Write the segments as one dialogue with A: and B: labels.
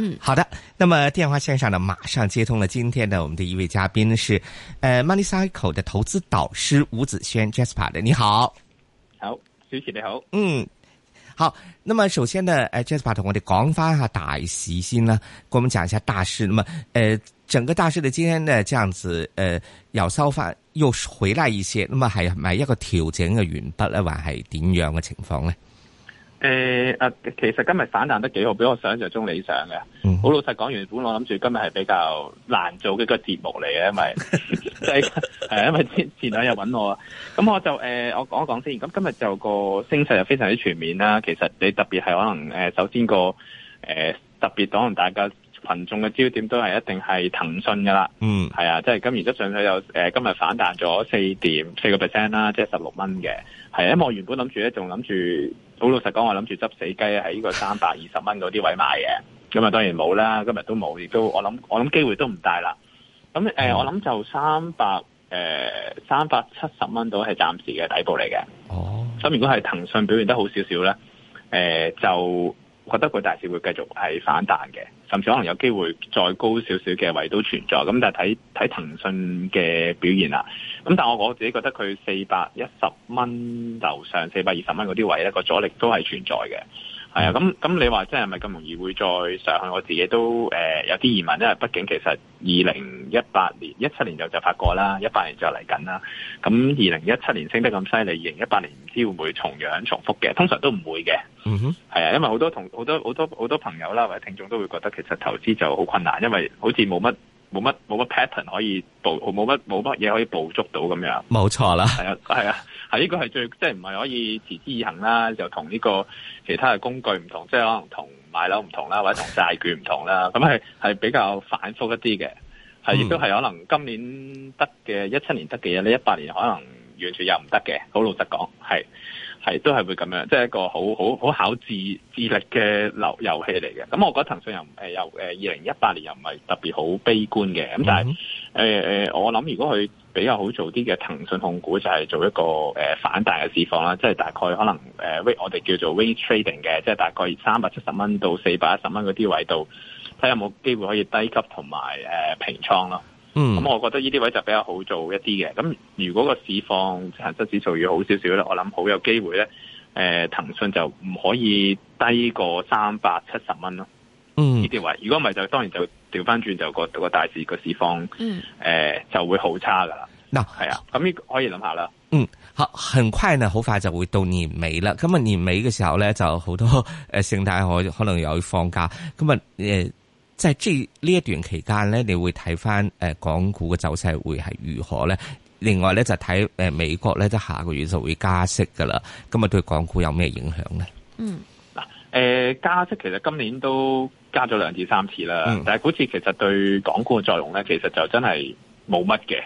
A: 嗯，好的。那麼電話線上呢，馬上接通了。今天的我們的一位嘉賓是，誒、呃、Money Cycle 的投資導師吳子軒 Jasper 的，Jasper, 你好。好，主持你好。嗯，好。那麼首先呢，誒 Jasper 同我哋講翻下大事先啦，跟我們講一下大事。那麼誒、呃，整個大事呢，今天呢，這樣子，誒、呃，又收翻又回來一些，那麼係咪一個調整嘅完畢呢，還係點樣嘅情況呢？
B: 誒，啊，其實今日反彈得幾好，比我想象中理想嘅。好、mm hmm. 老實講，完本我諗住今日係比較難做嘅一個節目嚟嘅，因為係， 因為前兩日搵我啊，咁我就誒，我講一講先。咁今日就個聲勢就非常之全面啦。其實你特別係可能誒，首先個誒、呃，特別可同大家。群眾嘅焦點都係一定係騰訊噶啦，嗯，係啊，就是呃、啊，即係咁，而家上去有誒今日反彈咗四點四個 percent 啦，即係十六蚊嘅，係啊，因為我原本諗住咧，仲諗住好老實講，我諗住執死雞喺呢個三百二十蚊嗰啲位買嘅，咁啊當然冇啦，今日都冇，亦都我諗我諗機會都唔大啦，咁誒、呃、我諗就三百誒三百七十蚊到係暫時嘅底部嚟嘅，哦，咁如果係騰訊表現得好少少咧，誒、呃、就。我覺得佢大市會繼續係反彈嘅，甚至可能有機會再高少少嘅位都存在。咁但係睇睇騰訊嘅表現啦。咁但係我我自己覺得佢四百一十蚊樓上四百二十蚊嗰啲位一個阻力都係存在嘅。係啊，咁咁你話真係咪咁容易會再上去？我自己都誒、呃、有啲疑問，因為畢竟其實二零一八年、一七年就就發過啦，一八年就嚟緊啦。咁二零一七年升得咁犀利，二零一八年唔知會唔會重樣重複嘅？通常都唔會嘅。嗯哼，係啊，因為好多同好多好多好多朋友啦，或者聽眾都會覺得其實投資就好困難，因為好似冇乜。冇乜冇乜 pattern 可以捕，冇乜冇乜嘢可以捕捉到咁樣。
A: 冇錯啦，係啊
B: 係啊，係呢個係最即係唔係可以持之以恒啦，就同呢個其他嘅工具唔同，即係可能同買樓唔同啦，或者同債券唔同啦，咁係係比較反覆一啲嘅，係亦都係可能今年得嘅一七年得嘅嘢，你一八年可能完全又唔得嘅，好老實講係。係都係會咁樣，即係一個好好好考智智力嘅遊遊戲嚟嘅咁我覺得騰訊又誒又誒二零一八年又唔係特別好悲觀嘅。咁但係誒誒，我諗如果佢比較好做啲嘅，騰訊控股就係做一個誒、呃、反彈嘅市況啦，即係大概可能誒、呃，我哋叫做 range trading 嘅，即係大概三百七十蚊到四百一十蚊嗰啲位度，睇下有冇機會可以低吸同埋誒平倉咯。咁、嗯、我覺得呢啲位就比較好做一啲嘅。咁如果個市況、恆生指數要好少少咧，我諗好有機會咧。誒，騰訊就唔可以低過三百七十蚊咯。嗯，呢啲位，如果唔係就當然就調翻轉就個個大市個市況，就會好差噶啦。嗱、嗯，係啊，咁呢可以諗下啦。嗯，
A: 好，很快呢，好快就會到年尾啦。咁啊，年尾嘅時候咧，就好多誒，聖誕可可能又要放假。咁啊，呃即係即係呢一段期間咧，你會睇翻誒港股嘅走勢會係如何咧？另外咧就睇誒美國咧，即下個月就會加息噶啦。咁啊對港股有咩影響咧、嗯？嗯，
B: 嗱誒、呃、加息其實今年都加咗兩至三次啦，嗯、但係嗰次其實對港股嘅作用咧，其實就真係冇乜嘅。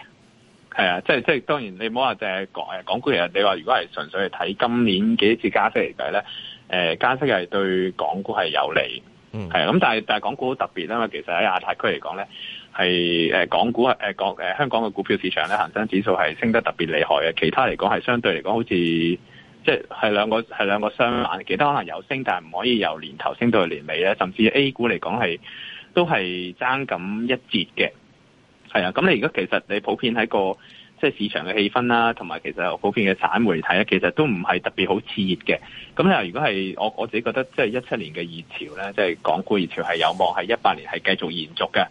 B: 係啊，即係即係當然你唔好話淨係講誒港股，其實你話如果係純粹係睇今年幾次加息嚟計咧，誒、呃、加息係對港股係有利。嗯，係啊，咁但係但係港股好特別啦，其實喺亞太區嚟講咧，係呃、港股港、呃、香港嘅股票市場咧，恒生指數係升得特別厲害嘅。其他嚟講係相對嚟講，好似即係兩個係兩個相反，其他可能有升，但係唔可以由年頭升到去年尾咧。甚至 A 股嚟講係都係爭咁一截嘅，係啊。咁你而家其實你普遍喺個。即係市場嘅氣氛啦，同埋其實普遍嘅產媒體咧，其實都唔係特別好熾熱嘅。咁咧，如果係我我自己覺得即17，即係一七年嘅熱潮咧，即係港股熱潮係有望係一八年係繼續延續嘅。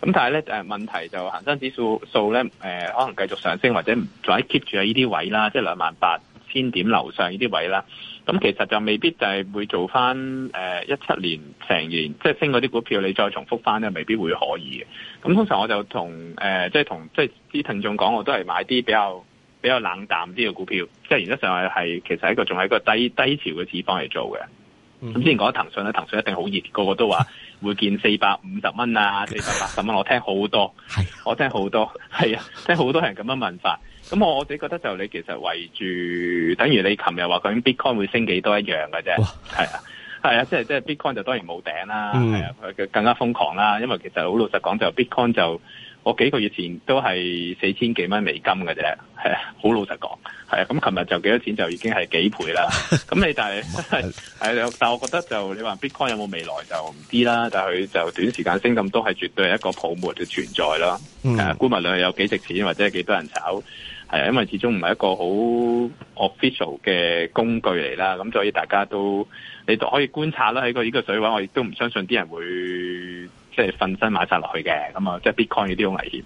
B: 咁但係咧，誒問題就恒生指數數咧，誒、呃、可能繼續上升或者仲喺 keep 住喺呢啲位啦，即係兩萬八千點樓上呢啲位啦。咁其實就未必就係會做翻誒一七年成年，即係升嗰啲股票，你再重複翻咧，未必會可以嘅。咁通常我就同誒、呃、即係同即係啲聽眾講，我都係買啲比較比較冷淡啲嘅股票，即係原則上係係其實係一個仲係一個低低潮嘅市況嚟做嘅。咁、嗯、之前講騰訊咧，騰訊一定好熱，個個都話會見四百五十蚊啊，四百八十蚊。我聽好多，係 我聽好多，係 啊，聽好多人咁樣問法。咁我我自己覺得就你其實圍住，等於你琴日話究竟 Bitcoin 會升幾多一樣嘅啫，係哇啊，係啊，即係即係 Bitcoin 就當然冇頂啦，係、嗯、啊，佢更加瘋狂啦，因為其實好老實講就 Bitcoin 就我幾個月前都係四千幾蚊美金嘅啫，係啊，好老實講，係啊，咁琴日就幾多錢就已經係幾倍啦，咁 你但係是、 啊、但係我覺得就你話 Bitcoin 有冇未來就唔知啦，但佢就短時間升咁多係絕對係一個泡沫嘅存在咯，誒、嗯，估唔量有幾值錢或者係幾多人炒？係，因為始終唔係一個好 official 嘅工具嚟啦，咁所以大家都，你都可以觀察啦。喺個呢個水位，我亦都唔相信啲人會即係瞓身買晒落去嘅，咁啊，即係 Bitcoin 呢啲好危險。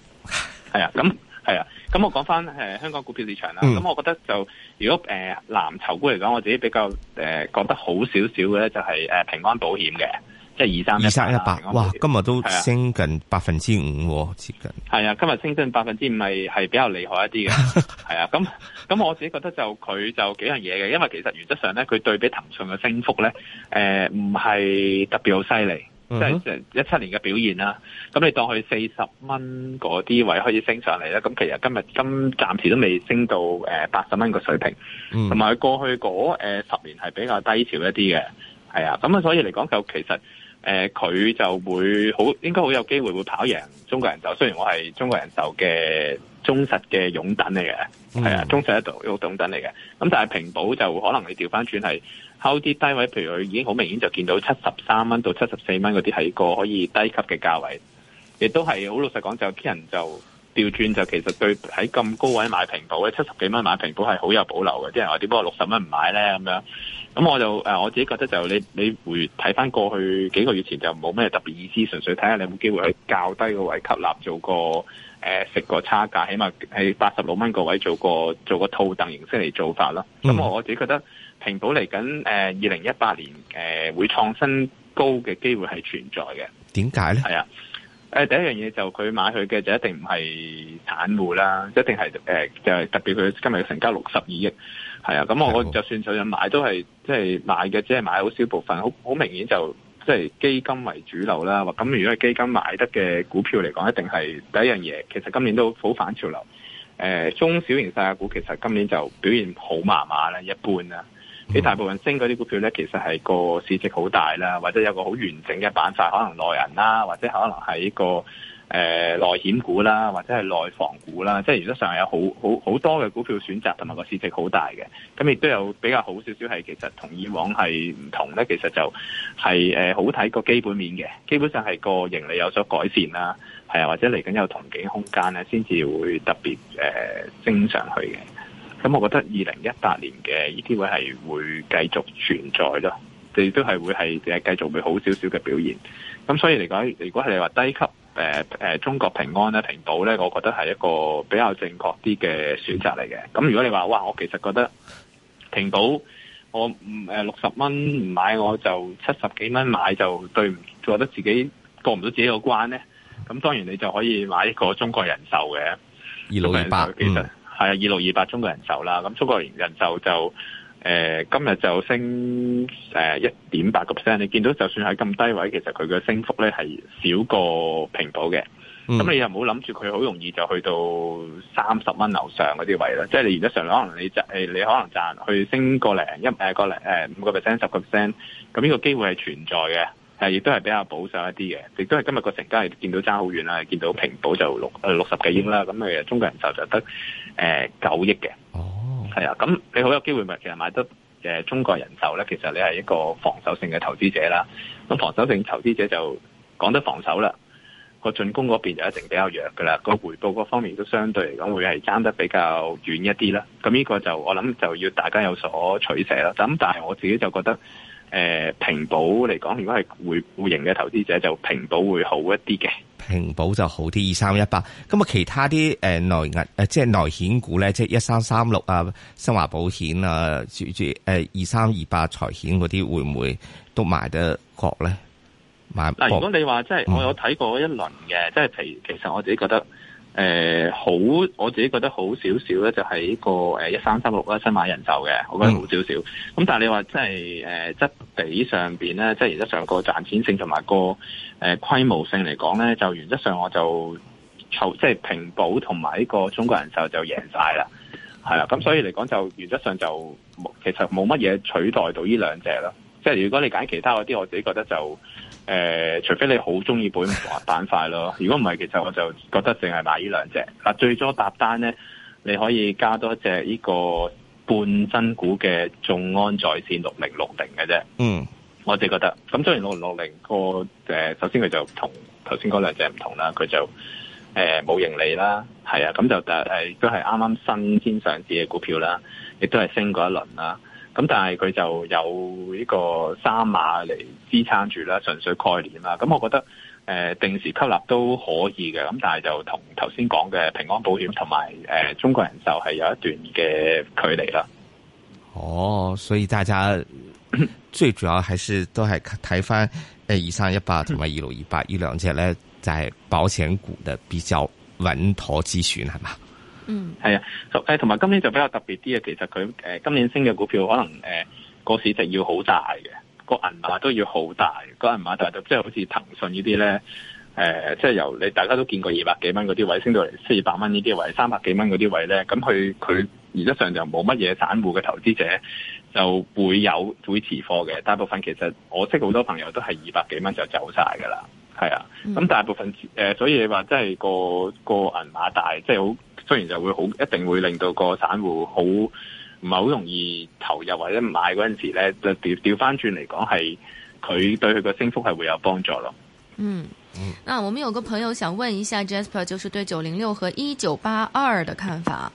B: 係啊， 咁係啊，咁我講翻誒香港股票市場啦。咁 我覺得就如果誒、呃、藍籌股嚟講，我自己比較誒、呃、覺得好少少嘅咧，就係誒平安保險嘅。即係二三二三
A: 一八，哇！今日都升近百分之五，接近。
B: 係啊，今日升近百分之五，係係比較厲害一啲嘅。係啊， 咁咁我自己覺得就佢就幾樣嘢嘅，因為其實原則上咧，佢對比騰訊嘅升幅咧，誒唔係特別好犀利，即係一七年嘅表現啦。咁、嗯、哼你當佢四十蚊嗰啲位開始升上嚟呢，咁其實今日今暫時都未升到誒八十蚊個水平，同埋、嗯、過去嗰誒十年係比較低潮一啲嘅。係啊，咁啊，所以嚟講就其實。誒佢、呃、就會好應該好有機會會跑贏中國人壽，雖然我係中國人壽嘅忠實嘅擁躉嚟嘅，係啊、嗯，忠實一度擁躉嚟嘅。咁但係平保就可能你調翻轉係敲啲低位，譬如佢已經好明顯就見到七十三蚊到七十四蚊嗰啲係個可以低級嘅價位，亦都係好老實講就啲人就。調轉就其實對喺咁高位買平保咧，七十幾蚊買平保係好有保留嘅，啲人話點解六十蚊唔買咧咁樣？咁我就誒我自己覺得就你你回睇翻過去幾個月前就冇咩特別意思，純粹睇下你有冇機會去較低個位吸納做個誒食、呃、個差價，起碼喺八十六蚊個位做個做個套戥形式嚟做法啦咁、嗯、我我自己覺得平保嚟緊誒二零一八年、呃、會創新高嘅機會係存在嘅。
A: 點解咧？係啊。
B: 誒第一樣嘢就佢買佢嘅就一定唔係散戶啦，一定係誒、呃、就係、是、特別佢今日成交六十二億係啊。咁我就算想買都係即係買嘅，只係買好少部分，好好明顯就即係基金為主流啦。咁如果係基金買得嘅股票嚟講，一定係第一樣嘢。其實今年都好反潮流、呃、中小型細價股其實今年就表現好麻麻啦，一般啦。啲大部分升嗰啲股票咧，其實係個市值好大啦，或者有個好完整嘅板塊，可能內銀啦，或者可能喺個誒、呃、內險股啦，或者係內房股啦，即係原則上係有好好好多嘅股票選擇同埋個市值好大嘅。咁亦都有比較好少少係其實同以往係唔同咧，其實就係誒，好睇個基本面嘅，基本上係個盈利有所改善啦，係啊，或者嚟緊有同景空間咧，先至會特別誒、呃、升上去嘅。咁我覺得二零一八年嘅呢啲會係會繼續存在咯，亦都係會係誒繼續會好少少嘅表現。咁所以嚟講，如果係你話低級誒誒、呃、中國平安咧、平保咧，我覺得係一個比較正確啲嘅選擇嚟嘅。咁如果你話哇，我其實覺得平保我唔誒六十蚊唔買，我就七十幾蚊買就對唔住，就覺得自己過唔到自己個關咧。咁當然你就可以買一個中國人壽嘅二六八，8，其實。嗯係二六二八中，中國人壽啦。咁中國人壽就誒、呃，今日就升誒一點八個 percent。呃、你見到就算喺咁低位，其實佢嘅升幅咧係少過平保嘅。咁、嗯、你又唔好諗住佢好容易就去到三十蚊樓上嗰啲位啦。即係你而家上落，可能你賺誒，你可能賺去升個零一誒個零誒五個 percent 十個 percent，咁呢個機會係存在嘅。係，亦都係比較保守一啲嘅，亦都係今日個成交係見到爭好遠啦，見到平保就六誒、呃、六十幾億啦，咁誒中國人壽就得誒、呃、九億嘅。哦，係啊，咁你好有機會咪其實買得誒、呃、中國人壽咧，其實你係一個防守性嘅投資者啦。咁防守性投資者就講得防守啦，個進攻嗰邊就一定比較弱噶啦，個回報嗰方面都相對嚟講會係爭得比較遠一啲啦。咁呢個就我諗就要大家有所取捨啦。咁但係我自己就覺得。誒平保嚟講，如果係互互型嘅投資者，就平保會好一啲嘅。
A: 平保就好啲，二三一八。咁啊，其他啲誒內銀誒即係內險股咧，即係一三三六啊、新華保險啊、住住誒二三二八財險嗰啲，會唔會都賣得落咧？買嗱，如果
B: 你話即係我有睇過一輪嘅，即係其其實我自己覺得。誒、呃、好，我自己覺得好少少咧，就係呢個誒一三三六啦，36，新華人壽嘅，我覺得好少少。咁、嗯、但係你話真係誒、呃、質地上面咧，即係原則上個賺錢性同埋、那個誒、呃、規模性嚟講咧，就原則上我就籌即係平保同埋呢個中國人壽就贏晒啦，係啦。咁所以嚟講就原則上就冇，其實冇乜嘢取代到呢兩隻咯。即係如果你揀其他嗰啲，我自己覺得就。誒、呃，除非你好中意保險板塊咯， 如果唔係，其實我就覺得淨係買呢兩隻。嗱、啊，最多搭單咧，你可以加多一隻呢個半新股嘅眾安在線六零六零嘅啫。
A: 嗯，
B: 我哋覺得咁，那雖然六零六零個誒、呃，首先佢就同頭先嗰兩隻唔同啦，佢就誒冇、呃、盈利啦，係啊，咁就誒都係啱啱新先上市嘅股票啦，亦都係升過一輪啦。咁但係佢就有呢個三碼嚟支撐住啦，純粹概念啦。咁、嗯、我覺得誒，定時吸納都可以嘅。咁但係就同頭先講嘅平安保險同埋誒中國人壽係有一段嘅距離
A: 啦。哦，所以大家最主要還是都係睇翻誒二三一八同埋二六二八呢兩隻咧，就係保險股嘅比較穩妥之選係嘛？嗯，
B: 係啊，同埋今年就比較特別啲啊，其實佢誒今年升嘅股票，可能誒個、呃、市值要好大嘅，個銀碼都要好大，個銀碼就即係好似騰訊呢啲咧，誒即係由你大家都見過二百幾蚊嗰啲位升到嚟四百蚊呢啲位，三百幾蚊嗰啲位咧，咁佢佢而家上就冇乜嘢散戶嘅投資者就會有會持貨嘅，大部分其實我識好多朋友都係二百幾蚊就走晒噶啦。係啊，咁大部分，誒、嗯呃，所以話即係個個銀碼大，即係好，雖然就會好，一定會令到個散戶好唔係好容易投入或者唔買嗰陣時咧，就調調翻轉嚟講，係佢對佢個升幅係會有幫助咯。嗯
C: 嗯，啊，我們有個朋友想問一下 Jasper，就係對九零六和一九八二嘅看法。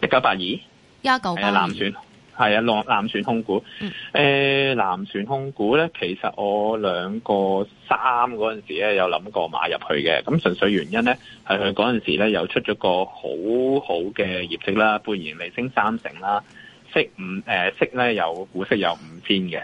B: 一九八二，一
C: 九八二。
B: 係啊，南南船控股。誒，南船控股咧，其實我兩個三嗰陣時咧，有諗過買入去嘅。咁純粹原因咧，係佢嗰陣時咧，有出咗個好好嘅業績啦，半年利升三成啦，息五，誒息咧，有股息有五仙嘅。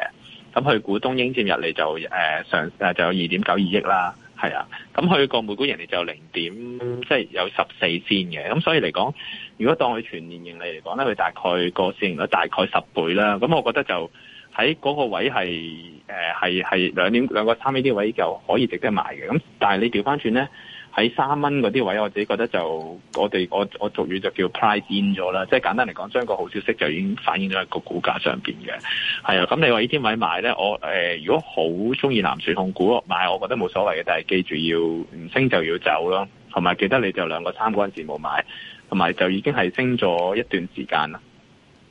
B: 咁佢股東應佔入嚟就，誒上，誒就有二點九二億啦。係啊，咁佢個每股盈利就零點，即係有十四仙嘅，咁所以嚟講，如果當佢全年盈利嚟講咧，佢大概個市盈率大概十倍啦，咁我覺得就喺嗰個位係係係兩點兩個三蚊啲位就可以值得買嘅，咁但係你調翻轉咧。喺三蚊嗰啲位，我自己覺得就我哋我我俗語就叫 price in 咗啦，即係簡單嚟講，將個好消息就已經反映咗喺個股價上面嘅。係啊，咁你話呢啲位買咧，我、呃、如果好中意藍水控股買，我覺得冇所謂嘅，但係記住要唔升就要走咯，同埋記得你就兩個三個銀字冇買，同埋就已經係升咗一段時間啦。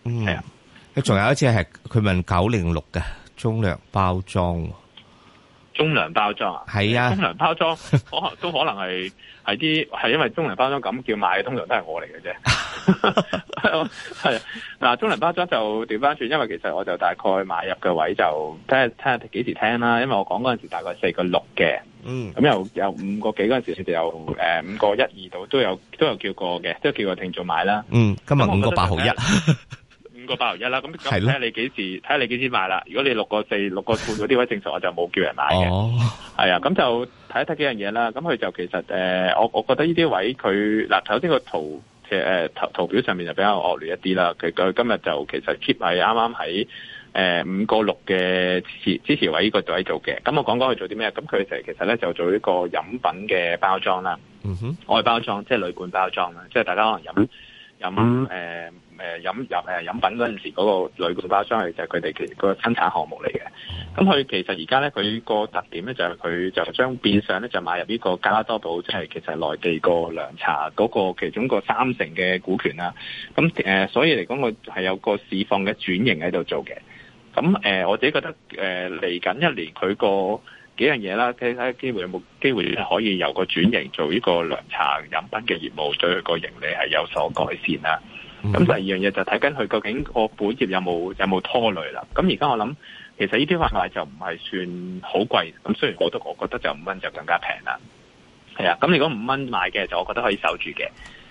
A: 嗯，係啊的，仲有一次係佢問九零六嘅中糧包裝。
B: 中糧包裝是啊，
A: 包裝，
B: 係 啊，中糧包裝可能都可能係係啲係因為中糧包裝咁叫買，嘅通常都係我嚟嘅啫。係嗱，中糧包裝就調翻轉，因為其實我就大概買入嘅位就睇下睇下幾時聽啦。因為我講嗰陣時大概四個六嘅，嗯，咁又有五個幾嗰陣時，佢哋有誒五個一二度都有都有叫過嘅，都叫個聽眾買啦。嗯，
A: 今日五個八毫一。
B: 個包一啦，咁睇下你幾時睇下的你幾時買啦。如果你六個四六個半嗰啲位正常， 我就冇叫人買嘅。哦、oh.，係啊，咁就睇一睇幾樣嘢啦。咁佢就其實誒，我、呃、我覺得呢啲位佢嗱頭先個圖嘅誒圖圖表上面就比較惡劣一啲啦。佢今日就其實 keep 係啱啱喺誒五個六嘅支持支持位呢個位做嘅。咁我講講佢做啲咩，咁佢其實咧就做呢個飲品嘅包裝啦。哼、
A: mm，hmm.
B: 外包裝即係鋁罐包裝啦，即係大家可能飲飲誒。Mm hmm. 誒、呃、飲、呃、飲品嗰陣時，嗰個鋁罐包裝係就係佢哋其實個生產項目嚟嘅。咁佢其實而家呢，佢個特點呢，就係佢就將變相呢，就買入呢個加多寶，即、就、係、是、其實內地個涼茶嗰個其中個三成嘅股權啦。咁誒、呃，所以嚟講，佢係有個市況嘅轉型喺度做嘅。咁誒、呃，我自己覺得誒嚟緊一年佢個幾樣嘢啦，睇睇機會有冇機會可以由個轉型做呢個涼茶飲品嘅業務，對佢個盈利係有所改善啦。咁第二樣嘢就睇緊佢究竟個本業有冇有冇拖累啦。咁而家我諗，其實呢啲買賣就唔係算好貴。咁雖然我都我覺得就五蚊就更加平啦。係啊，咁如果五蚊買嘅就我覺得可以守住嘅。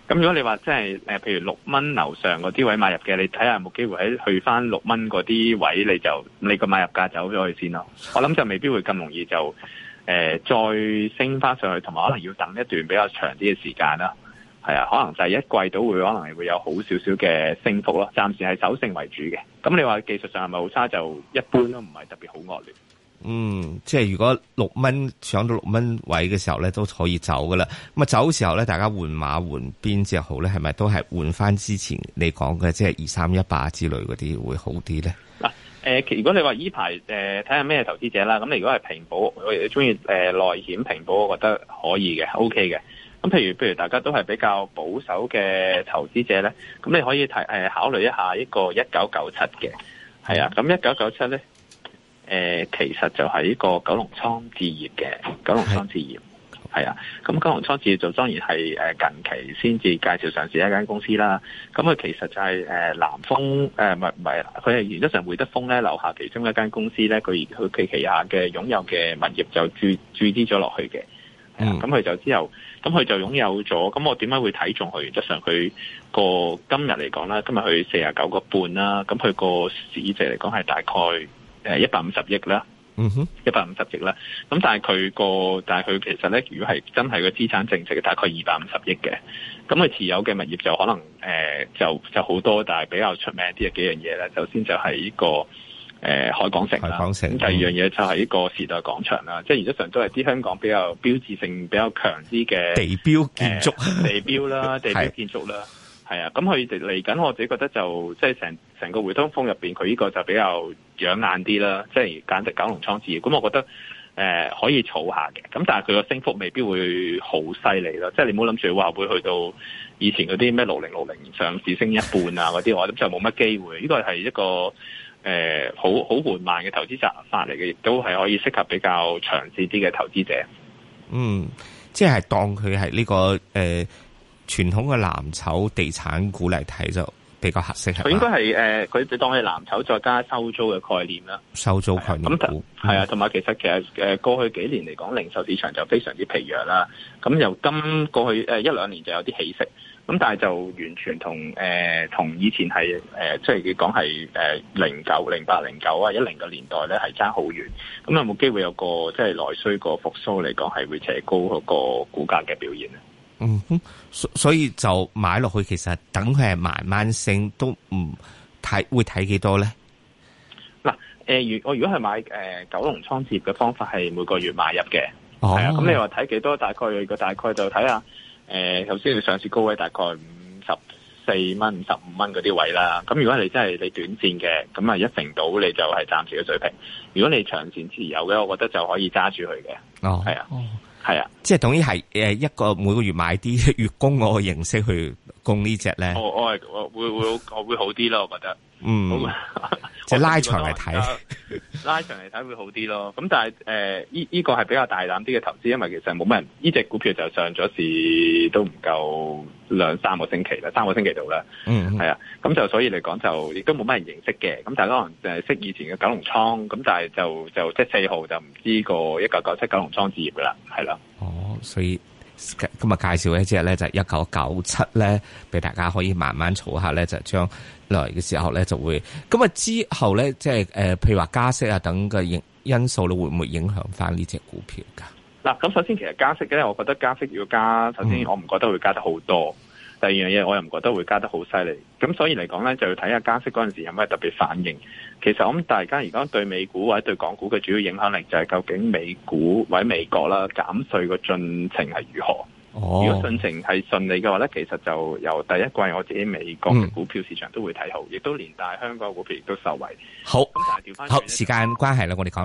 B: 咁如果你話即係誒，譬如六蚊樓上嗰啲位買入嘅，你睇下有冇機會喺去翻六蚊嗰啲位你，你就你個買入價走咗去先咯。我諗就未必會咁容易就誒、呃、再升翻上去，同埋可能要等一段比較長啲嘅時間啦。係啊，可能就係一季到會，可能係會有好少少嘅升幅咯。暫時係守勢為主嘅。咁你話技術上係咪好差？就一般都唔係特別好
A: 惡劣。嗯，即係如果六蚊上到六蚊位嘅時候咧，都可以走噶啦。咁啊走時候咧，大家換馬換邊隻好咧？係咪都係換翻之前你講嘅即係二三一八之類嗰啲會好啲咧？
B: 嗱、啊、誒、呃，如果你話呢排誒睇下咩投資者啦，咁你如果係平保，我哋中意誒內險平保，我覺得可以嘅，OK 嘅。咁譬如，譬如大家都係比較保守嘅投資者咧，咁你可以、呃、考慮一下一個呢個一九九七嘅，係啊，咁一九九七咧，其實就係呢個九龍倉置業嘅，九龍倉置業係啊，咁的九龍倉置業就當然係近期先至介紹上市一間公司啦。咁佢其實就係南豐，唔係唔係，佢係原則上會德豐咧留下其中一間公司咧，佢佢旗下嘅擁有嘅物業就注注資咗落去嘅。咁佢、嗯、就之後，咁佢就擁有咗。咁我點解會睇中佢？即係上佢個今日嚟講啦，今日佢四廿九個半啦。咁佢個市值嚟講係大概誒一百五十億啦。嗯哼，一百五十億啦。咁但係佢個，但係佢其實咧，如果係真係個資產淨值，大概二百五十億嘅。咁佢持有嘅物業就可能、呃、就就好多，但係比較出名啲嘅幾樣嘢咧。首先就係呢個。誒、呃、海港城啦，咁第二樣嘢就係呢個時代廣場啦，嗯、即係原則上都係啲香港比較標誌性、比較強啲嘅地
A: 標建築、
B: 呃、地標啦、 地標建築啦，係啊是的 的。咁佢嚟緊，我自己覺得就即係成成個會德豐入邊，佢呢個就比較養眼啲啦，即係簡直九龍倉置業。咁我覺得誒、呃、可以儲下嘅。咁但係佢個升幅未必會好犀利咯，即係你唔好諗住話會去到以前嗰啲咩六零六零上市升一半啊嗰啲， 我諗就冇乜機會。呢個係一個。誒、呃，好好緩慢嘅投資策法嚟嘅，亦都係可以適合比較長綫啲嘅投資者。
A: 嗯，即係當佢係呢個誒傳、呃、統嘅藍籌地產股嚟睇就比較合適。佢應
B: 該係誒，佢、呃、就當係藍籌再加收租嘅概念啦，
A: 收租概念股
B: 係啊。同埋、嗯啊、其實其實誒過去幾年嚟講，零售市場就非常之疲弱啦。咁由今過去誒一兩年就有啲起色。咁但係就完全同誒、呃，同以前係誒、呃就是，即係講係誒零九、零八、零九啊，一零嘅年代咧，係差好遠。咁有冇機會有個即係內需個復蘇嚟講，係會斜高嗰個股價嘅表現咧？嗯
A: 哼，所以就買落去，其實等佢係慢慢升，都唔睇會睇幾多咧。
B: 嗱，誒，如我如果係買誒、呃、九龍倉置業嘅方法，係每個月買入嘅，
A: 係、哦、啊。咁你
B: 話睇幾多？大概個大概就睇下。誒，頭先你上市高位大概五十四蚊、五十五蚊嗰啲位啦。咁如果你真係你短線嘅，咁啊一成到你就係暫時嘅水平。如果你長線持有嘅，我覺得就可以揸住佢嘅。
A: 哦，係啊，哦，係啊，即係等於係誒一個每個月買啲月供嗰個形式去。供呢隻咧、哦，我
B: 我係會會會好會好啲咯，我覺得，嗯、
A: 呃，即係拉長嚟睇，
B: 拉長嚟睇會好啲咯。咁但係誒，依依個係比較大膽啲嘅投資，因為其實冇乜人呢隻、這個、股票就上咗市都唔夠兩三個星期啦，三個星期度啦，嗯哼，係啊，咁就所以嚟講就亦都冇乜人認識嘅，咁大家可能就係識以前嘅九龍倉，咁但係就就即係四號就唔知個一九九七九龍倉置業啦，係啦、啊、
A: 哦，所以。今日介紹呢隻咧，就係一九九七咧，俾大家可以慢慢儲下咧，就將來嘅時候咧就會。咁啊之後咧，即係誒，呃、譬如話加息啊等嘅因因素咧，會唔會影響翻呢隻股票噶？
B: 嗱，咁首先其實加息咧，我覺得加息要加，首先我唔覺得會加得好多。第二樣嘢，我又唔覺得會加得好犀利，咁所以嚟講呢，就要睇下加息嗰陣時有咩特別反應。其實我諗大家而家對美股或者對港股嘅主要影響力，就係究竟美股或者美國啦減稅個進程係如何。
A: 哦、如果進
B: 程係順利嘅話呢，其實就由第一季我自己美國嘅股票市場都會睇好，亦、嗯、都連帶香港股票亦都受惠。好，但調返好，
A: 時間關係咧，我哋講